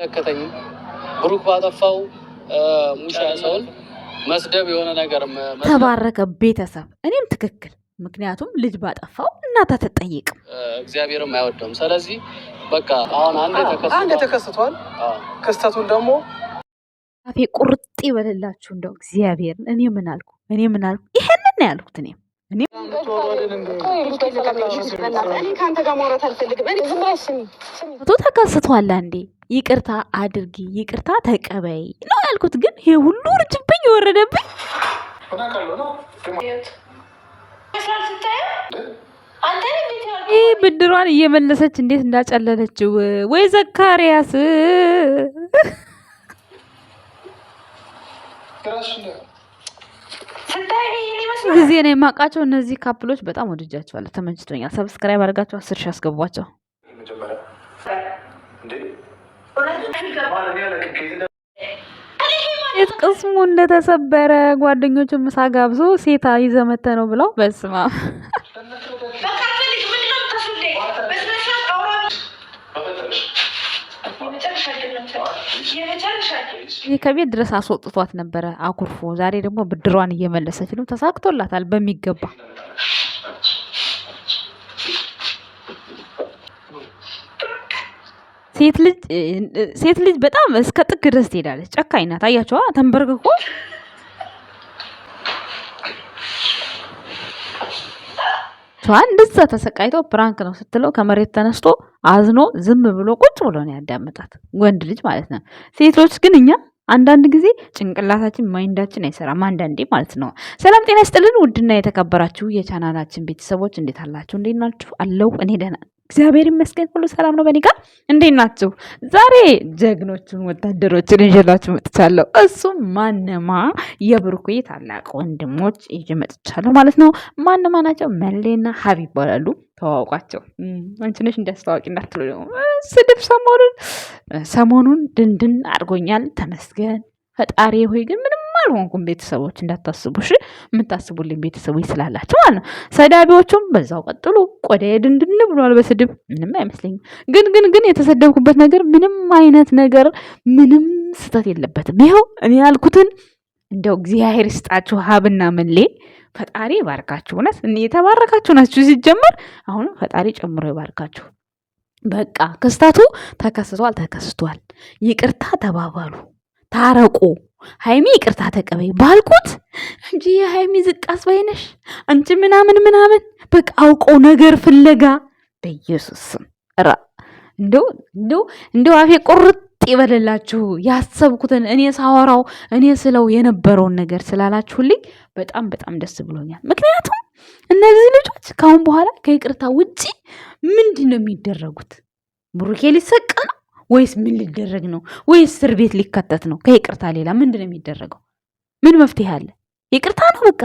መለከተኝም ብሩክ ባጠፋው ሙሻ ሰውን መስደብ የሆነ ነገር ተባረከ ቤተሰብ እኔም ትክክል ምክንያቱም ልጅ ባጠፋው እናት አትጠይቅም፣ እግዚአብሔርም አይወደውም። ስለዚህ በቃ አሁን አንድ ተከስቷል። ክስተቱን ደግሞ አፌ ቁርጥ ይበልላችሁ። እንደው እግዚአብሔርን እኔ ምን አልኩ? እኔ ምን አልኩ? ይሄንን ነው ያልኩት። እኔም ተከስቷል አንዴ ይቅርታ አድርጊ፣ ይቅርታ ተቀበይ ነው ያልኩት። ግን ይሄ ሁሉ ርጅብኝ የወረደብኝ ይህ ብድሯን እየመለሰች እንዴት እንዳጨለለችው ወይ ዘካሪያስ ጊዜ ነው የማውቃቸው። እነዚህ ካፕሎች በጣም ወድጃቸዋለሁ፣ ተመችቶኛል። ሰብስክራይብ አድርጋቸው አስር ሺ አስገቧቸው። ቅስሙ እንደተሰበረ ጓደኞቹ ምሳ ጋብዞ ሴታ ይዘመተ ነው ብለው በስማ ከቤት ድረስ አስወጥቷት ነበረ አኩርፎ። ዛሬ ደግሞ ብድሯን እየመለሰች ነው። ተሳክቶላታል በሚገባ ሴት ልጅ ሴት ልጅ በጣም እስከ ጥግ ድረስ ትሄዳለች። ጨካኝ ናት። አያቸዋ ተንበርክኮ እንደዛ ተሰቃይቶ ፕራንክ ነው ስትለው ከመሬት ተነስቶ አዝኖ ዝም ብሎ ቁጭ ብሎ ነው ያዳመጣት ወንድ ልጅ ማለት ነው። ሴቶች ግን እኛ አንዳንድ ጊዜ ጭንቅላታችን ማይንዳችን አይሰራም፣ አንዳንዴ ማለት ነው። ሰላም ጤና ይስጥልን። ውድና የተከበራችሁ የቻናላችን ቤተሰቦች እንዴት አላችሁ? እንዴት ናችሁ? አለው እኔ ደህና እግዚአብሔር ይመስገን ሁሉ ሰላም ነው። በእኔ ጋር እንዴት ናችሁ? ዛሬ ጀግኖቹን ወታደሮችን ይዤላችሁ መጥቻለሁ። እሱም ማነማ የብሩኬ ታላቅ ወንድሞች ይዤ መጥቻለሁ ማለት ነው። ማነማ ናቸው? መሌና ሀብ ይባላሉ። ተዋውቋቸው። አንቺ ነሽ እንዲያስተዋውቂ እንዳትሉ ስድብ ሰሞኑን ሰሞኑን ድንድን አድርጎኛል። ተመስገን ፈጣሪ ሆይ ግን ምንም አልሆንኩም። ቤተሰቦች እንዳታስቡ እሺ፣ የምታስቡልኝ ቤተሰቦች ስላላችሁ ማለት ነው። ሰዳቢዎቹም በዛው ቀጥሉ። ቆዳዬ ድንድን ብሏል በስድብ ምንም አይመስለኝም። ግን ግን ግን የተሰደብኩበት ነገር ምንም አይነት ነገር ምንም ስህተት የለበትም። ይኸው እኔ ያልኩትን እንደው እግዚአብሔር ይስጣችሁ ሀብና መሌ ፈጣሪ ይባርካችሁ። እውነት የተባረካችሁ ናችሁ። ሲጀመር አሁንም ፈጣሪ ጨምሮ ይባርካችሁ። በቃ ክስታቱ ተከስቷል ተከስቷል። ይቅርታ ተባባሉ። ታረቁ። ሀይሚ ይቅርታ ተቀበይ ባልኩት እንጂ የሀይሚ ዝቅ አስባይ አንቺ ምናምን ምናምን በቃ አውቀው ነገር ፍለጋ በኢየሱስ ራ እንደው እንደው አፌ ቁርጥ ይበለላችሁ። ያሰብኩትን እኔ ሳወራው እኔ ስለው የነበረውን ነገር ስላላችሁልኝ በጣም በጣም ደስ ብሎኛል። ምክንያቱም እነዚህ ልጆች ከአሁን በኋላ ከይቅርታ ውጪ ምንድን ነው የሚደረጉት? ብሩኬ ሊሰቀ ወይስ ምን ሊደረግ ነው? ወይስ እስር ቤት ሊከተት ነው? ከይቅርታ ሌላ ምንድን ነው የሚደረገው? ምን መፍትሄ አለ? ይቅርታ ነው በቃ።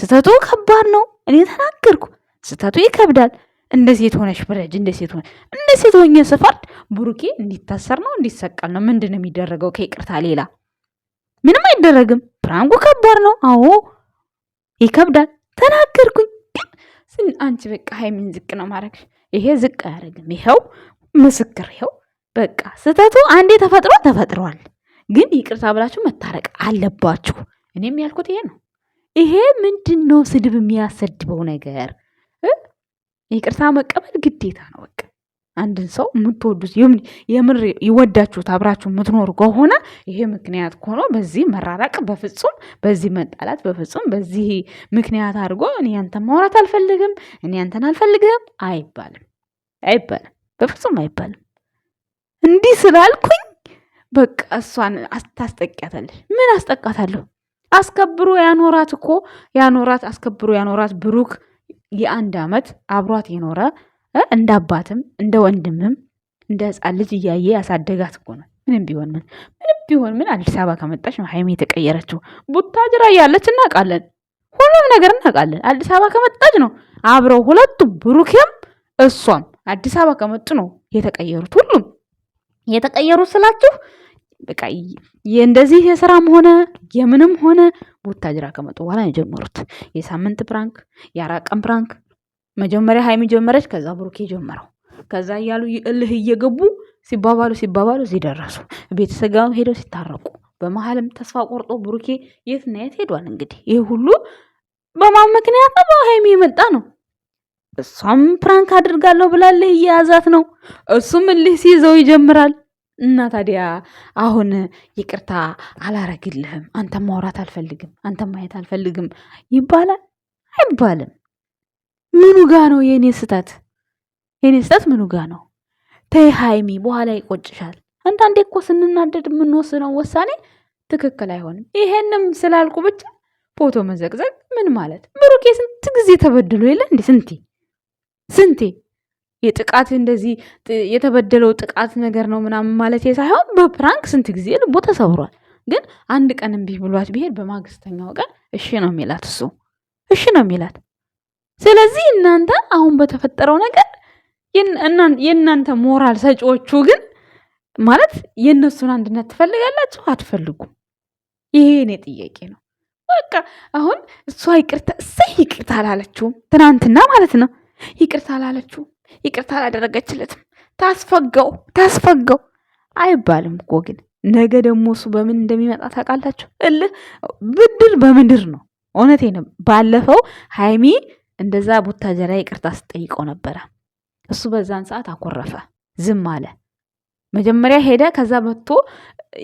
ስህተቱ ከባድ ነው። እኔ ተናገርኩ። ስህተቱ ይከብዳል። እንደ ሴት ሆነሽ ፍረጅ። እንደ ሴት ሆነ እንደ ሴት ሆኜ ስፈርድ ብሩኬ እንዲታሰር ነው እንዲሰቀል ነው? ምንድን ነው የሚደረገው? ከይቅርታ ሌላ ምንም አይደረግም። ፕራንጉ ከባድ ነው። አዎ ይከብዳል። ተናገርኩኝ። ግን አንቺ በቃ ሀይሚን ዝቅ ነው ማድረግ። ይሄ ዝቅ አያደርግም። ይኸው ምስክር ይኸው በቃ ስህተቱ አንዴ ተፈጥሮ ተፈጥሯል። ግን ይቅርታ ብላችሁ መታረቅ አለባችሁ። እኔም ያልኩት ይሄ ነው። ይሄ ምንድን ነው ስድብ የሚያሰድበው ነገር? ይቅርታ መቀበል ግዴታ ነው። በቃ አንድን ሰው የምትወዱት የምር ይወዳችሁት አብራችሁ የምትኖሩ ከሆነ ይሄ ምክንያት ሆኖ በዚህ መራራቅ በፍጹም በዚህ መጣላት በፍጹም በዚህ ምክንያት አድርጎ እኔ ያንተን ማውራት አልፈልግም እኔ ያንተን አልፈልግም አይባልም አይባልም። በፍጹም አይባልም። እንዲህ ስላልኩኝ በቃ እሷን ታስጠቂያታለሽ። ምን አስጠቃታለሁ? አስከብሮ ያኖራት እኮ ያኖራት አስከብሮ ያኖራት ብሩክ የአንድ ዓመት አብሯት የኖረ እንደ አባትም እንደ ወንድምም እንደ ሕፃን ልጅ እያየ ያሳደጋት እኮ ነው። ምንም ቢሆን ምን ምንም ቢሆን ምን አዲስ አበባ ከመጣች ነው ሀይሜ የተቀየረችው። ቡታጅራ እያለች እናውቃለን፣ ሁሉም ነገር እናውቃለን። አዲስ አበባ ከመጣች ነው አብረው ሁለቱ ብሩኬም እሷም አዲስ አበባ ከመጡ ነው የተቀየሩት። ሁሉም የተቀየሩት ስላችሁ በቃ እንደዚህ የስራም ሆነ የምንም ሆነ ቡታጅራ ከመጡ በኋላ ነው የጀመሩት። የሳምንት ፕራንክ፣ የአራት ቀን ፕራንክ መጀመሪያ ሀይሚ ጀመረች፣ ከዛ ብሩኬ ጀመረው። ከዛ እያሉ እልህ እየገቡ ሲባባሉ ሲባባሉ እዚህ ደረሱ። ቤተሰብ ሄደው ሲታረቁ በመሀልም ተስፋ ቆርጦ ብሩኬ የትናየት የት ሄዷል። እንግዲህ ይህ ሁሉ በማን ምክንያት ነው? በሀይሚ የመጣ ነው። እሷም ፕራንክ አድርጋለሁ ብላለህ እየያዛት ነው። እሱም እልህ ሲይዘው ይጀምራል። እና ታዲያ አሁን ይቅርታ አላረግልህም፣ አንተም ማውራት አልፈልግም፣ አንተም ማየት አልፈልግም ይባላል አይባልም? ምኑ ጋ ነው የእኔ ስህተት? የእኔ ስህተት ምኑ ጋ ነው? ተይ በኋላ ይቆጭሻል። አንዳንዴ እኮ ስንናደድ የምንወስነው ውሳኔ ትክክል አይሆንም። ይሄንም ስላልኩ ብቻ ፎቶ መዘቅዘቅ ምን ማለት? ብሩኬ ስንት ጊዜ ተበድሎ የለ እንዴ? ስንቴ ስንቴ የጥቃት እንደዚህ የተበደለው ጥቃት ነገር ነው ምናምን ማለት ሳይሆን በፕራንክ ስንት ጊዜ ልቦ ተሰብሯል። ግን አንድ ቀን እምቢ ብሏት ብሄድ በማግስተኛው ቀን እሺ ነው የሚላት እሱ እሺ ነው የሚላት። ስለዚህ እናንተ አሁን በተፈጠረው ነገር የእናንተ ሞራል ሰጪዎቹ ግን ማለት የእነሱን አንድነት ትፈልጋላችሁ አትፈልጉም? ይሄ እኔ ጥያቄ ነው። በቃ አሁን እሷ ይቅርታ እሰይ ይቅርታ አላለችውም ትናንትና ማለት ነው ይቅርታ አላለችው፣ ይቅርታ አላደረገችለትም። ታስፈገው ታስፈገው አይባልም እኮ ግን ነገ ደግሞ እሱ በምን እንደሚመጣ ታውቃላችሁ? እልህ ብድር በምድር ነው። እውነቴ ነው። ባለፈው ሀይሚ እንደዛ ቡታጀራ ይቅርታ ስጠይቀው ነበረ። እሱ በዛን ሰዓት አኮረፈ፣ ዝም አለ። መጀመሪያ ሄደ፣ ከዛ መጥቶ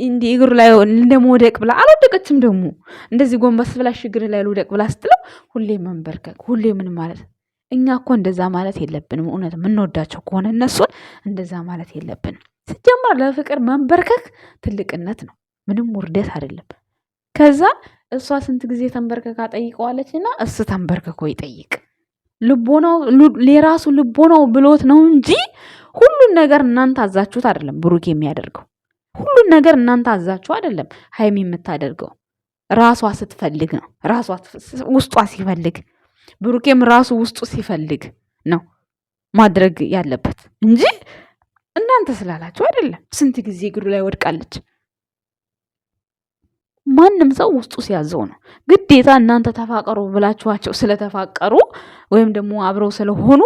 እንዲ እግሩ ላይ እንደመውደቅ ብላ አልወደቀችም። ደግሞ እንደዚህ ጎንበስ ብላ ሽግር ላይ ልውደቅ ብላ ስትለው ሁሌ መንበርከክ፣ ሁሌ ምን ማለት እኛ እኮ እንደዛ ማለት የለብንም። እውነት የምንወዳቸው ከሆነ እነሱን እንደዛ ማለት የለብንም። ሲጀመር ለፍቅር መንበርከክ ትልቅነት ነው፣ ምንም ውርደት አይደለም። ከዛ እሷ ስንት ጊዜ ተንበርከካ ጠይቀዋለች እና እሱ ተንበርክኮ ይጠይቅ ልቦናው የራሱ ልቦናው ብሎት ነው እንጂ ሁሉን ነገር እናንተ አዛችሁት አይደለም። ብሩክ የሚያደርገው ሁሉን ነገር እናንተ አዛችሁ አይደለም። ሀይሚ የምታደርገው ራሷ ስትፈልግ ነው፣ ራሷ ውስጧ ሲፈልግ ብሩኬም ራሱ ውስጡ ሲፈልግ ነው ማድረግ ያለበት እንጂ እናንተ ስላላችሁ አይደለም። ስንት ጊዜ እግሩ ላይ ወድቃለች። ማንም ሰው ውስጡ ሲያዘው ነው ግዴታ። እናንተ ተፋቀሩ ብላችኋቸው ስለተፋቀሩ ወይም ደግሞ አብረው ስለሆኑ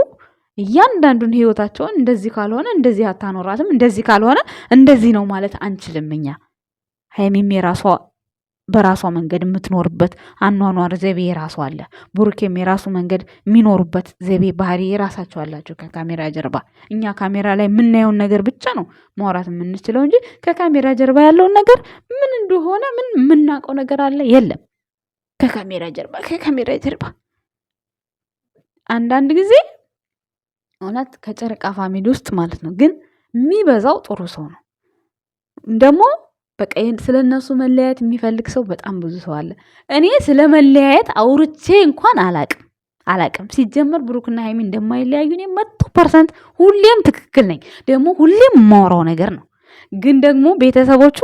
እያንዳንዱን ህይወታቸውን እንደዚህ ካልሆነ እንደዚህ አታኖራትም፣ እንደዚህ ካልሆነ እንደዚህ ነው ማለት አንችልም። እኛ ሀይሚም የራሷ በራሷ መንገድ የምትኖርበት አኗኗር ዘይቤ የራሱ አለ። ብሩኬም የራሱ መንገድ የሚኖሩበት ዘይቤ፣ ባህሪ የራሳቸው አላቸው። ከካሜራ ጀርባ እኛ ካሜራ ላይ የምናየውን ነገር ብቻ ነው ማውራት የምንችለው እንጂ ከካሜራ ጀርባ ያለውን ነገር ምን እንደሆነ ምን የምናውቀው ነገር አለ የለም። ከካሜራ ጀርባ ከካሜራ ጀርባ አንዳንድ ጊዜ እውነት ከጨረቃ ፋሚሊ ውስጥ ማለት ነው። ግን የሚበዛው ጥሩ ሰው ነው ደግሞ በቃ ይህን ስለ እነሱ መለያየት የሚፈልግ ሰው በጣም ብዙ ሰው አለ። እኔ ስለ መለያየት አውርቼ እንኳን አላቅም አላቅም። ሲጀመር ብሩክና ሀይሚ እንደማይለያዩ እኔ መቶ ፐርሰንት ሁሌም ትክክል ነኝ። ደግሞ ሁሌም የማወራው ነገር ነው። ግን ደግሞ ቤተሰቦቹ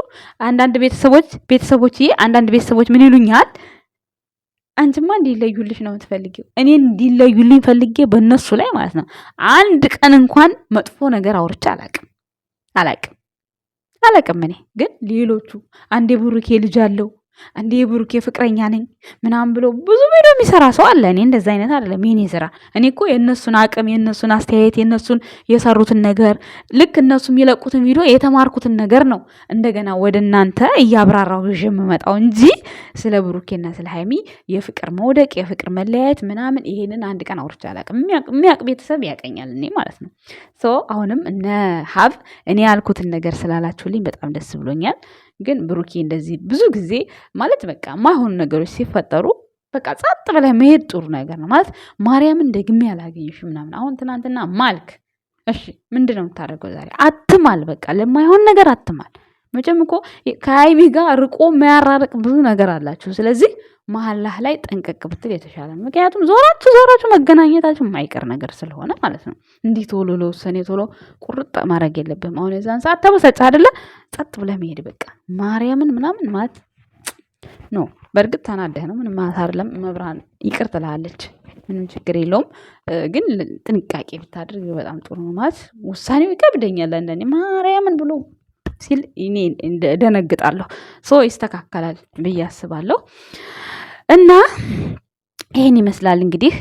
አንዳንድ ቤተሰቦች ቤተሰቦችዬ አንዳንድ ቤተሰቦች ምን ይሉኛል? አንቺማ እንዲለዩልሽ ነው የምትፈልጊው። እኔ እንዲለዩልኝ ፈልጌ በእነሱ ላይ ማለት ነው አንድ ቀን እንኳን መጥፎ ነገር አውርቼ አላቅም አላቅም። አላቅም እኔ ግን ሌሎቹ አንዴ ቡሩኬ ልጅ አለው እንዴ ብሩኬ ፍቅረኛ ነኝ ምናምን ብሎ ብዙ ቪዲዮ የሚሰራ ሰው አለ። እኔ እንደዛ አይነት አይደለም የኔ ስራ። እኔ እኮ የእነሱን አቅም፣ የእነሱን አስተያየት፣ የእነሱን የሰሩትን ነገር ልክ እነሱ የሚለቁትን ቪዲዮ የተማርኩትን ነገር ነው እንደገና ወደ እናንተ እያብራራው ይዤ የምመጣው እንጂ ስለ ብሩኬና ስለ ሀይሚ የፍቅር መውደቅ የፍቅር መለያየት ምናምን ይሄንን አንድ ቀን አውርቼ አላውቅም። የሚያውቅ ቤተሰብ ያቀኛል እኔ ማለት ነው። ሶ አሁንም እነ ሀብ እኔ ያልኩትን ነገር ስላላችሁልኝ በጣም ደስ ብሎኛል። ግን ብሩኬ እንደዚህ ብዙ ጊዜ ማለት በቃ ማይሆኑ ነገሮች ሲፈጠሩ በቃ ጸጥ ብለህ መሄድ ጥሩ ነገር ነው። ማለት ማርያምን ደግሜ ያላገኘሽ ምናምን። አሁን ትናንትና ማልክ። እሺ ምንድን ነው የምታደርገው ዛሬ? አትማል። በቃ ለማይሆን ነገር አትማል። መቼም እኮ ከሀይሚ ጋር ርቆ የሚያራርቅ ብዙ ነገር አላችሁ። ስለዚህ መሀላህ ላይ ጠንቀቅ ብትል የተሻለ ነው። ምክንያቱም ዞራችሁ ዞራችሁ መገናኘታችሁ የማይቀር ነገር ስለሆነ ማለት ነው። እንዲህ ቶሎ ለውሳኔ ቶሎ ቁርጥ ማድረግ የለብህም። አሁን የዛን ሰዓት ተበሳጭ አይደለ? ጸጥ ብለህ መሄድ በቃ ማርያምን ምናምን ማለት ኖ በእርግጥ ተናደህ ነው ምንም ማለት አይደለም። መብርሃን ይቅር ትልሃለች፣ ምንም ችግር የለውም። ግን ጥንቃቄ ብታደርግ በጣም ጥሩ ነው። ማለት ውሳኔው ይከብደኛል አንዳንዴ ማርያምን ብሎ ሲል እኔ ደነግጣለሁ። ሶ ይስተካከላል ብዬ አስባለሁ እና ይህን ይመስላል እንግዲህ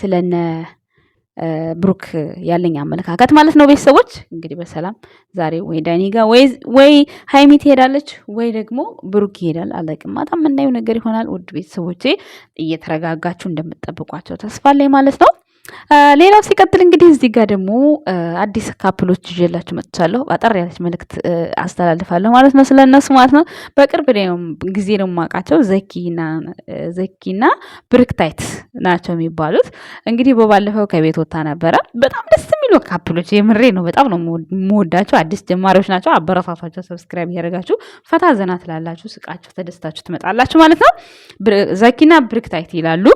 ስለነ ብሩክ ያለኝ አመለካከት ማለት ነው። ቤተሰቦች እንግዲህ በሰላም ዛሬ ወይ ዳኒ ጋ ወይ ሀይሚ ትሄዳለች ወይ ደግሞ ብሩክ ይሄዳል። አላውቅም። ማታ የምናየው ነገር ይሆናል። ውድ ቤተሰቦቼ እየተረጋጋችሁ እንደምጠብቋቸው ተስፋ አለኝ ማለት ነው። ሌላው ሲቀጥል እንግዲህ እዚህ ጋር ደግሞ አዲስ ካፕሎች ይዤላችሁ መጥቻለሁ። አጠር ያለች መልእክት አስተላልፋለሁ ማለት ነው፣ ስለ እነሱ ማለት ነው። በቅርብ ጊዜ ነው የማውቃቸው። ዘኪና ብርክታይት ናቸው የሚባሉት። እንግዲህ በባለፈው ከቤት ወታ ነበረ። በጣም ደስ የሚሉ ካፕሎች የምሬ ነው። በጣም ነው የምወዳቸው። አዲስ ጀማሪዎች ናቸው። አበረታቷቸው። ሰብስክራይብ እያደረጋችሁ ፈታ ዘና ትላላችሁ፣ ስቃችሁ ተደስታችሁ ትመጣላችሁ ማለት ነው። ዛኪና ብርክታይት ይላሉ።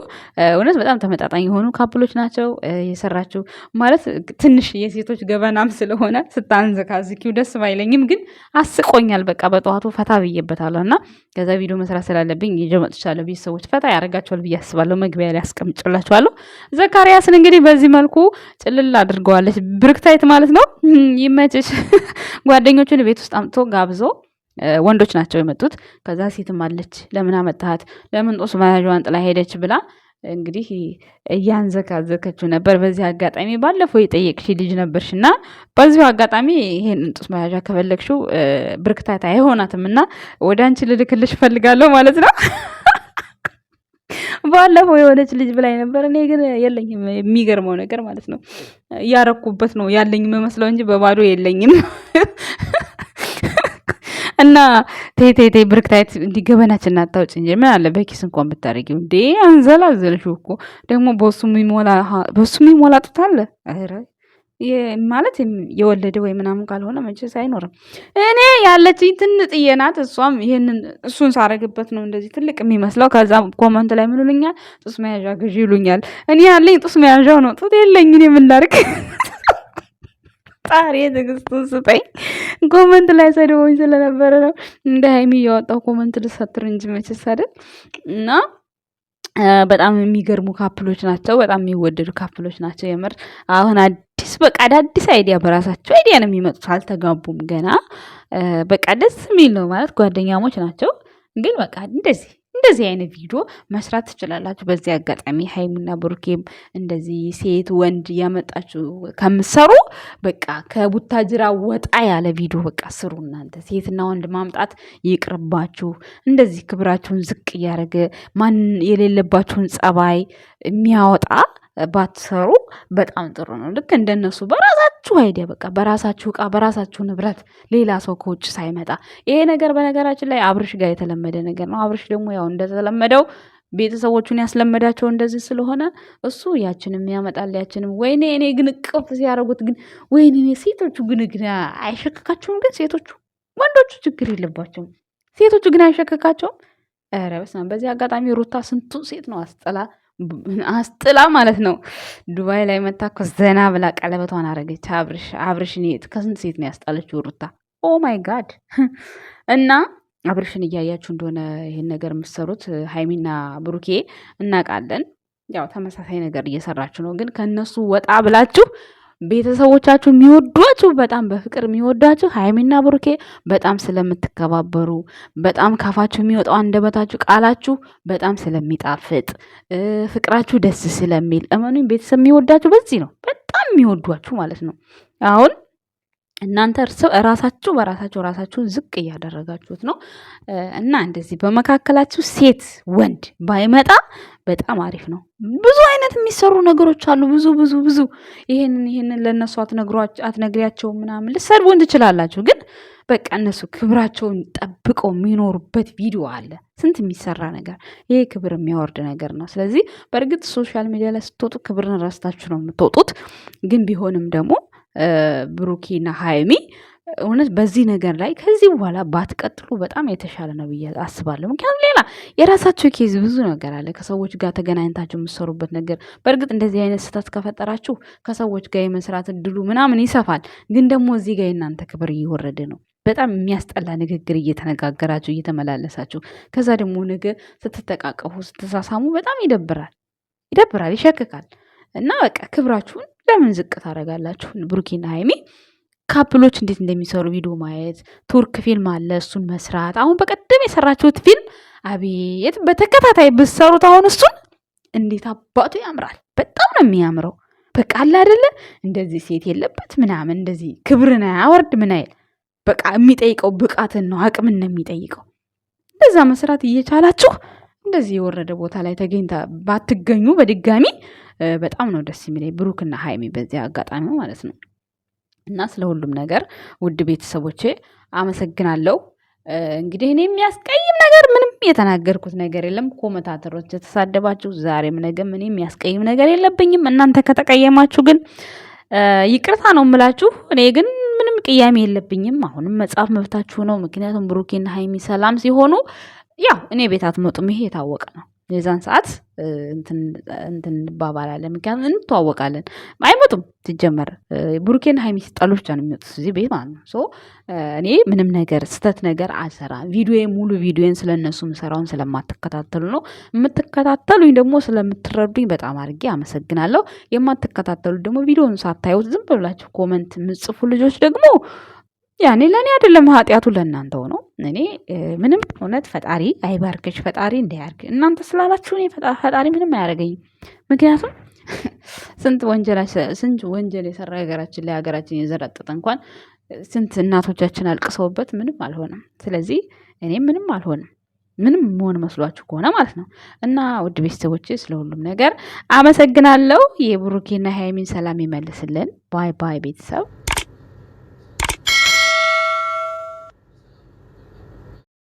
እውነት በጣም ተመጣጣኝ የሆኑ ካፕሎች ናቸው። የሰራችሁ ማለት ትንሽ የሴቶች ገበናም ስለሆነ ስታንዘካዝኪው ደስ ባይለኝም ግን አስቆኛል። በቃ በጠዋቱ ፈታ ብዬበታለሁ እና ከዛ ቪዲዮ መስራት ስላለብኝ ይዤ መጥቻለሁ። ቤተሰቦች ፈታ ያደርጋቸዋል ብዬ አስባለሁ። መግቢያ ላይ አስቀምጭላችኋለሁ። ዘካሪያስን እንግዲህ በዚህ መልኩ ጭልል አድርገዋል። ትላለች ብርክታይት ማለት ነው። ይመችሽ። ጓደኞቹን ቤት ውስጥ አምጥቶ ጋብዞ ወንዶች ናቸው የመጡት። ከዛ ሴትም አለች ለምን አመጣሃት? ለምን ጦስ መያዣዋን ጥላ ሄደች? ብላ እንግዲህ እያንዘካዘከችው ነበር። በዚህ አጋጣሚ ባለፈው የጠየቅሽ ልጅ ነበርሽ እና በዚሁ አጋጣሚ ይሄን ጡስ መያዣ ከፈለግሽው ብርክታይት አይሆናትም እና ወደ አንቺ ልልክልሽ እፈልጋለሁ ማለት ነው። ባለፈው የሆነች ልጅ ብላኝ ነበር። እኔ ግን የለኝም። የሚገርመው ነገር ማለት ነው እያረኩበት ነው ያለኝ መስለው እንጂ በባዶ የለኝም። እና ቴቴቴ ብርክታይት እንዲህ ገበናችን እናታውጭ እንጂ ምን አለ በኪስ እንኳን ብታደረጊ እንዴ አንዘላዘልሽው እኮ ደግሞ በሱ የሚሞላ በሱ የሚሞላ ጡት አለ ማለት የወለደ ወይ ምናምን ካልሆነ መቼስ አይኖርም። እኔ ያለችኝ ትንጥዬ ናት። እሷም ይህንን እሱን ሳረግበት ነው እንደዚህ ትልቅ የሚመስለው። ከዛ ኮመንት ላይ ምን ይሉኛል? ጡስ መያዣ ግዢ ይሉኛል። እኔ ያለኝ ጡስ መያዣው ነው። ጡት የለኝ። እኔ ምን ላድርግ? ጣሪ ትዕግስቱን ስጠኝ። ኮመንት ላይ ሰደቦኝ ስለነበረ ነው እንደ ሀይሚ እያወጣው ኮመንት ልሰትር እንጂ መቼስ አይደል እና በጣም የሚገርሙ ካፕሎች ናቸው። በጣም የሚወደዱ ካፕሎች ናቸው። የምር አሁን አዲስ በቃ አዳዲስ አይዲያ በራሳቸው አይዲያ ነው የሚመጡት። አልተጋቡም ገና። በቃ ደስ የሚል ነው ማለት ጓደኛሞች ናቸው ግን በቃ እንደዚህ እንደዚህ አይነት ቪዲዮ መስራት ትችላላችሁ። በዚህ አጋጣሚ ሀይሚና ብሩኬም እንደዚህ ሴት ወንድ ያመጣችሁ ከምሰሩ በቃ ከቡታጅራ ወጣ ያለ ቪዲዮ በቃ ስሩ። እናንተ ሴትና ወንድ ማምጣት ይቅርባችሁ። እንደዚህ ክብራችሁን ዝቅ እያደረገ ማን የሌለባችሁን ጸባይ የሚያወጣ ባትሰሩ በጣም ጥሩ ነው። ልክ እንደነሱ በራሳችሁ አይዲያ በቃ በራሳችሁ እቃ በራሳችሁ ንብረት ሌላ ሰው ከውጭ ሳይመጣ ይሄ ነገር በነገራችን ላይ አብርሽ ጋር የተለመደ ነገር ነው። አብርሽ ደግሞ ያው እንደተለመደው ቤተሰቦቹን ያስለመዳቸው እንደዚህ ስለሆነ እሱ ያችንም ያመጣል ያችንም። ወይኔ እኔ ግን ቅፍ ሲያደርጉት ግን ወይኔ እኔ ሴቶቹ ግን ግን አይሸክካቸውም። ግን ሴቶቹ ወንዶቹ ችግር የለባቸውም። ሴቶቹ ግን አይሸክካቸውም። ኧረ በስመ አብ። በዚህ አጋጣሚ ሩታ ስንቱ ሴት ነው አስጠላ አስጥላ ማለት ነው። ዱባይ ላይ መታ እኮ ዘና ብላ ቀለበቷን አረገች። አብርሽ አብርሽን ከስንት ሴት ነው ያስጣለችው ሩታ? ኦ ማይ ጋድ እና አብርሽን እያያችሁ እንደሆነ ይህን ነገር የምትሰሩት ሀይሚና ብሩኬ እናውቃለን። ያው ተመሳሳይ ነገር እየሰራችሁ ነው፣ ግን ከእነሱ ወጣ ብላችሁ ቤተሰቦቻችሁ የሚወዷችሁ በጣም በፍቅር የሚወዷችሁ ሀይሚና ብሩኬ በጣም ስለምትከባበሩ በጣም ካፋችሁ የሚወጣው አንደበታችሁ ቃላችሁ በጣም ስለሚጣፍጥ ፍቅራችሁ ደስ ስለሚል እመኑኝ ቤተሰብ የሚወዳችሁ በዚህ ነው። በጣም የሚወዷችሁ ማለት ነው። አሁን እናንተ እርሰው ራሳችሁ በራሳችሁ ራሳችሁን ዝቅ እያደረጋችሁት ነው እና እንደዚህ በመካከላችሁ ሴት ወንድ ባይመጣ በጣም አሪፍ ነው። ብዙ አይነት የሚሰሩ ነገሮች አሉ። ብዙ ብዙ ብዙ ይሄንን ይሄንን ለእነሱ አትነግሪያቸው ምናምን ልትሰድቡን ትችላላችሁ፣ ግን በቃ እነሱ ክብራቸውን ጠብቀው የሚኖሩበት ቪዲዮ አለ። ስንት የሚሰራ ነገር ይሄ ክብር የሚያወርድ ነገር ነው። ስለዚህ በእርግጥ ሶሻል ሚዲያ ላይ ስትወጡ ክብርን ረስታችሁ ነው የምትወጡት። ግን ቢሆንም ደግሞ ብሩኪና ሀይሚ እውነት በዚህ ነገር ላይ ከዚህ በኋላ ባትቀጥሉ በጣም የተሻለ ነው ብዬ አስባለሁ። ምክንያቱም ሌላ የራሳቸው ኬዝ ብዙ ነገር አለ። ከሰዎች ጋር ተገናኝታችሁ የምትሰሩበት ነገር በእርግጥ እንደዚህ አይነት ስህተት ከፈጠራችሁ ከሰዎች ጋር የመስራት እድሉ ምናምን ይሰፋል። ግን ደግሞ እዚህ ጋር የእናንተ ክብር እየወረደ ነው። በጣም የሚያስጠላ ንግግር እየተነጋገራችሁ እየተመላለሳችሁ፣ ከዛ ደግሞ ነገ ስትተቃቀፉ ስትሳሳሙ በጣም ይደብራል፣ ይደብራል፣ ይሸክካል እና በቃ ክብራችሁን ለምን ዝቅ ታደርጋላችሁ? ብሩኪና ሀይሜ ካፕሎች እንዴት እንደሚሰሩ ቪዲዮ ማየት፣ ቱርክ ፊልም አለ እሱን መስራት። አሁን በቀደም የሰራችሁት ፊልም አቤት በተከታታይ ብትሰሩት አሁን እሱን እንዴት አባቱ ያምራል! በጣም ነው የሚያምረው። በቃ አለ አይደለ እንደዚህ ሴት የለበት ምናምን እንደዚህ ክብርን አያወርድ ምን አይል በቃ የሚጠይቀው ብቃትን ነው አቅምን ነው የሚጠይቀው። እንደዛ መስራት እየቻላችሁ እንደዚህ የወረደ ቦታ ላይ ተገኝታ ባትገኙ በድጋሚ በጣም ነው ደስ የሚለኝ ብሩክና ሀይሚ በዚያ አጋጣሚ ማለት ነው። እና ስለ ሁሉም ነገር ውድ ቤተሰቦቼ አመሰግናለሁ። እንግዲህ እኔ የሚያስቀይም ነገር ምንም የተናገርኩት ነገር የለም። ኮመታተሮች የተሳደባችሁ ዛሬም ነገም እኔ የሚያስቀይም ነገር የለብኝም። እናንተ ከተቀየማችሁ ግን ይቅርታ ነው የምላችሁ። እኔ ግን ምንም ቅያሜ የለብኝም። አሁንም መጽሐፍ መብታችሁ ነው። ምክንያቱም ብሩኬና ሀይሚ ሰላም ሲሆኑ ያው እኔ ቤት አትመጡም። ይሄ የታወቀ ነው። የዛን ሰዓት እንትን እንባባላለን፣ ምክንያቱም እንተዋወቃለን። አይመጡም ሲጀመር ብሩኬን ሀይሚ ሲጣሉ ብቻ ነው የሚመጡት እዚህ ቤት ማለት ነው። ሶ እኔ ምንም ነገር ስተት ነገር አልሰራም። ቪዲዮ ሙሉ ቪዲዮን ስለነሱ ምሰራውን ስለማትከታተሉ ነው። የምትከታተሉኝ ደግሞ ስለምትረዱኝ በጣም አድርጌ አመሰግናለሁ። የማትከታተሉ ደግሞ ቪዲዮን ሳታዩት ዝም ብላችሁ ኮመንት ምጽፉ ልጆች ደግሞ ያኔ ለእኔ አይደለም ኃጢአቱ ለእናንተ ሆኖ እኔ ምንም እውነት ፈጣሪ አይባርክሽ፣ ፈጣሪ እንዳያርግ እናንተ ስላላችሁ እኔ ፈጣሪ ምንም አያደርገኝም። ምክንያቱም ስንት ስንት ወንጀል የሰራ ሀገራችን ላይ ሀገራችን የዘረጠጠ እንኳን ስንት እናቶቻችን አልቅሰውበት ምንም አልሆነም። ስለዚህ እኔ ምንም አልሆንም። ምንም መሆን መስሏችሁ ከሆነ ማለት ነው። እና ውድ ቤተሰቦች ስለ ሁሉም ነገር አመሰግናለሁ። የብሩኬና ሀይሚን ሰላም ይመልስልን። ባይ ባይ ቤተሰብ